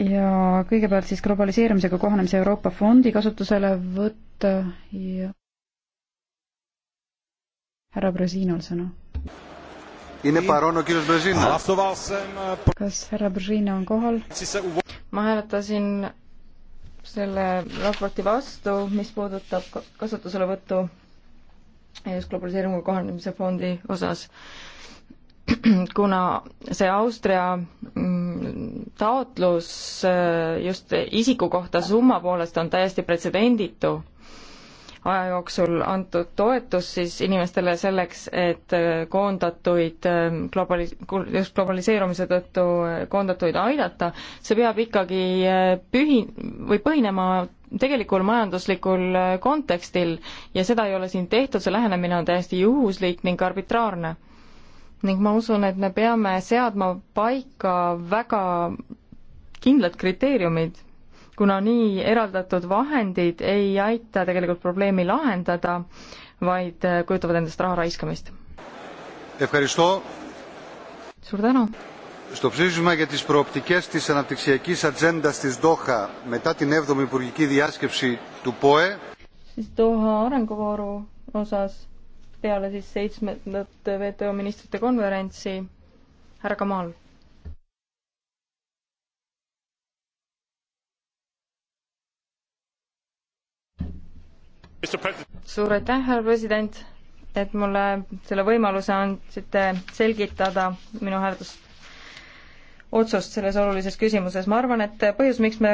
ja kõigepealt siis globaliseerimisega kohanemise Euroopa Fondi kasutuselevõtt ja härra Brežinal sõna. Eh, kas härra Brežina on kohal? ma hääletasin selle raporti vastu, mis puudutab kasutuselevõttu just globaliseeringuga kohanemise fondi osas, kuna see Austria mm, taotlus äh, just isiku kohta summa poolest on täiesti pretsedenditu aja jooksul antud toetus siis inimestele selleks, et äh, koondatuid ähm, globali-, just globaliseerumise tõttu äh, koondatuid aidata, see peab ikkagi pühi- või põhinema tegelikul majanduslikul kontekstil ja seda ei ole siin tehtud, see lähenemine on täiesti juhuslik ning arbitraarne ning ma usun, et me peame seadma paika väga kindlad kriteeriumid, kuna nii eraldatud vahendid ei aita tegelikult probleemi lahendada, vaid äh, kujutavad endast raha raiskamist. suur tänu! Στο ψήφισμα για τις προοπτικές της αναπτυξιακής ατζέντα της Δόχα μετά την 7η Υπουργική Διάσκεψη του ΠΟΕ. Siis Doha arenguvooru osas peale siis seitsmendat WTO ministrite konverentsi. härra Kamal. suur aitäh, härra president, et mulle selle võimaluse andsite selgitada minu hääletust otsust selles olulises küsimuses. ma arvan, et põhjus, miks me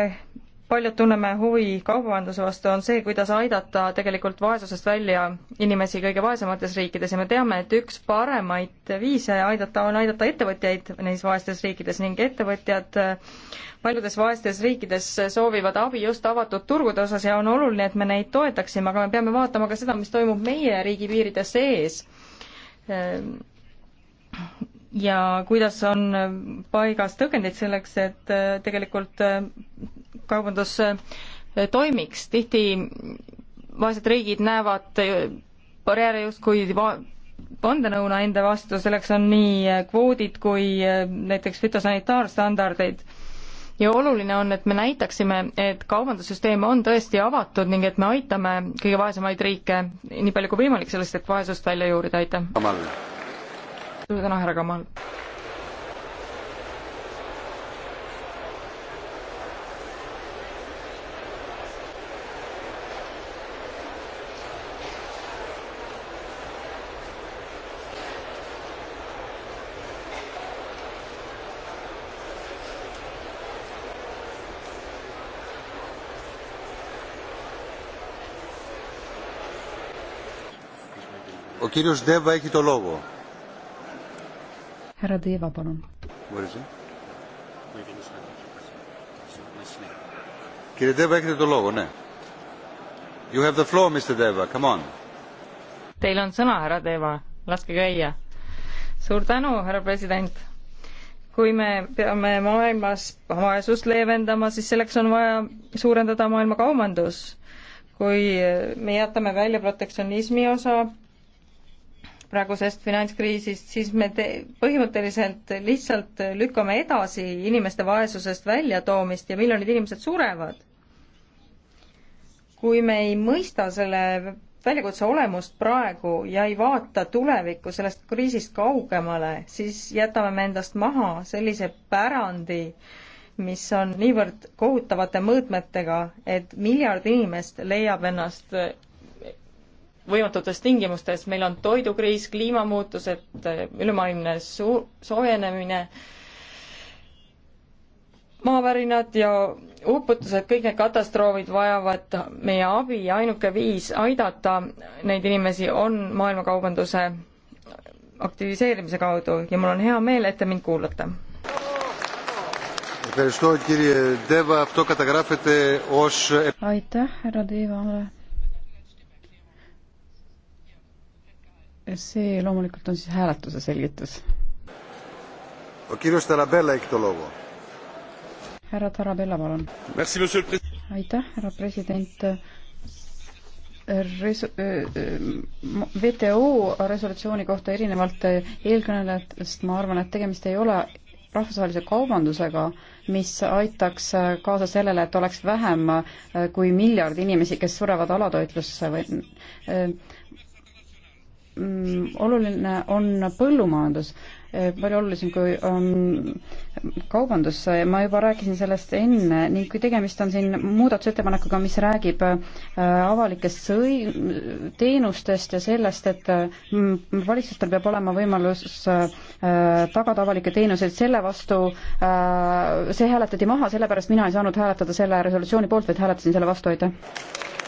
paljud tunneme huvi kaubanduse vastu, on see, kuidas aidata tegelikult vaesusest välja inimesi kõige vaesemates riikides ja me teame, et üks paremaid viise aidata on aidata ettevõtjaid neis vaestes riikides ning ettevõtjad eh, paljudes vaestes riikides soovivad abi just avatud turgude osas ja on oluline, et me neid toetaksime, aga me peame vaatama ka seda, mis toimub meie riigi piiride sees ja kuidas on paigas tõkendid selleks, et eh, tegelikult eh, kaubandus eh, toimiks. tihti vaesed riigid näevad eh, barjääre justkui vandenõuna enda vastu, selleks on nii eh, kvoodid kui näiteks fütosanitaarstandardeid. ja oluline on, et me näitaksime, et kaubandussüsteem on tõesti avatud ning et me aitame kõige vaesemaid riike nii palju kui võimalik sellest, et vaesust välja juurida, aitäh! suur tänu, härra Kamal! härra Deva, palun. Κύριε Deva, έχετε το λόγο, ναι. You have the floor, Mr Deva, come on. Teil on sõna, härra Deva, laske käia. suur tänu, härra president kui me peame maailmas vaesust leevendama, siis selleks on vaja suurendada maailma kaubandus. kui me jätame välja protektsionismi osa, praegusest finantskriisist, siis me te-, põhimõtteliselt lihtsalt lükkame edasi inimeste vaesusest väljatoomist ja miljonid inimesed surevad. kui me ei mõista selle väljakutse olemust praegu ja ei vaata tulevikku sellest kriisist kaugemale, siis jätame me endast maha sellise pärandi, mis on niivõrd kohutavate mõõtmetega, et miljard inimest leiab ennast võimatutes tingimustes, meil on toidukriis, kliimamuutused, ülemaailmne suu-, soojenemine, maavärinad ja uputused, kõik need katastroofid vajavad meie abi ja ainuke viis aidata neid inimesi on maailmakaubanduse aktiviseerimise kaudu ja mul on hea meel, et te mind kuulate. aitäh, härra Deva, see loomulikult on siis hääletuse selgitus. härra Tarabella, palun. aitäh, härra president. Resu-, WTO resolutsiooni kohta erinevalt eelkõnelejatest ma arvan, et tegemist ei ole rahvusvahelise kaubandusega, mis aitaks kaasa sellele, et oleks vähem kui miljard inimesi, kes surevad alatoitlusse või Mm, oluline on põllumajandus, eh, palju olulisem kui um, kaubandus, eh, ma juba rääkisin sellest enne ning kui tegemist on siin muudatusettepanekuga, mis räägib äh, avalikest sõi-, teenustest ja sellest, et äh, valitsustel peab olema võimalus äh, tagada avalikke teenuseid, selle vastu äh, see hääletati maha, sellepärast mina ei saanud hääletada selle resolutsiooni poolt, vaid hääletasin selle vastu, aitäh.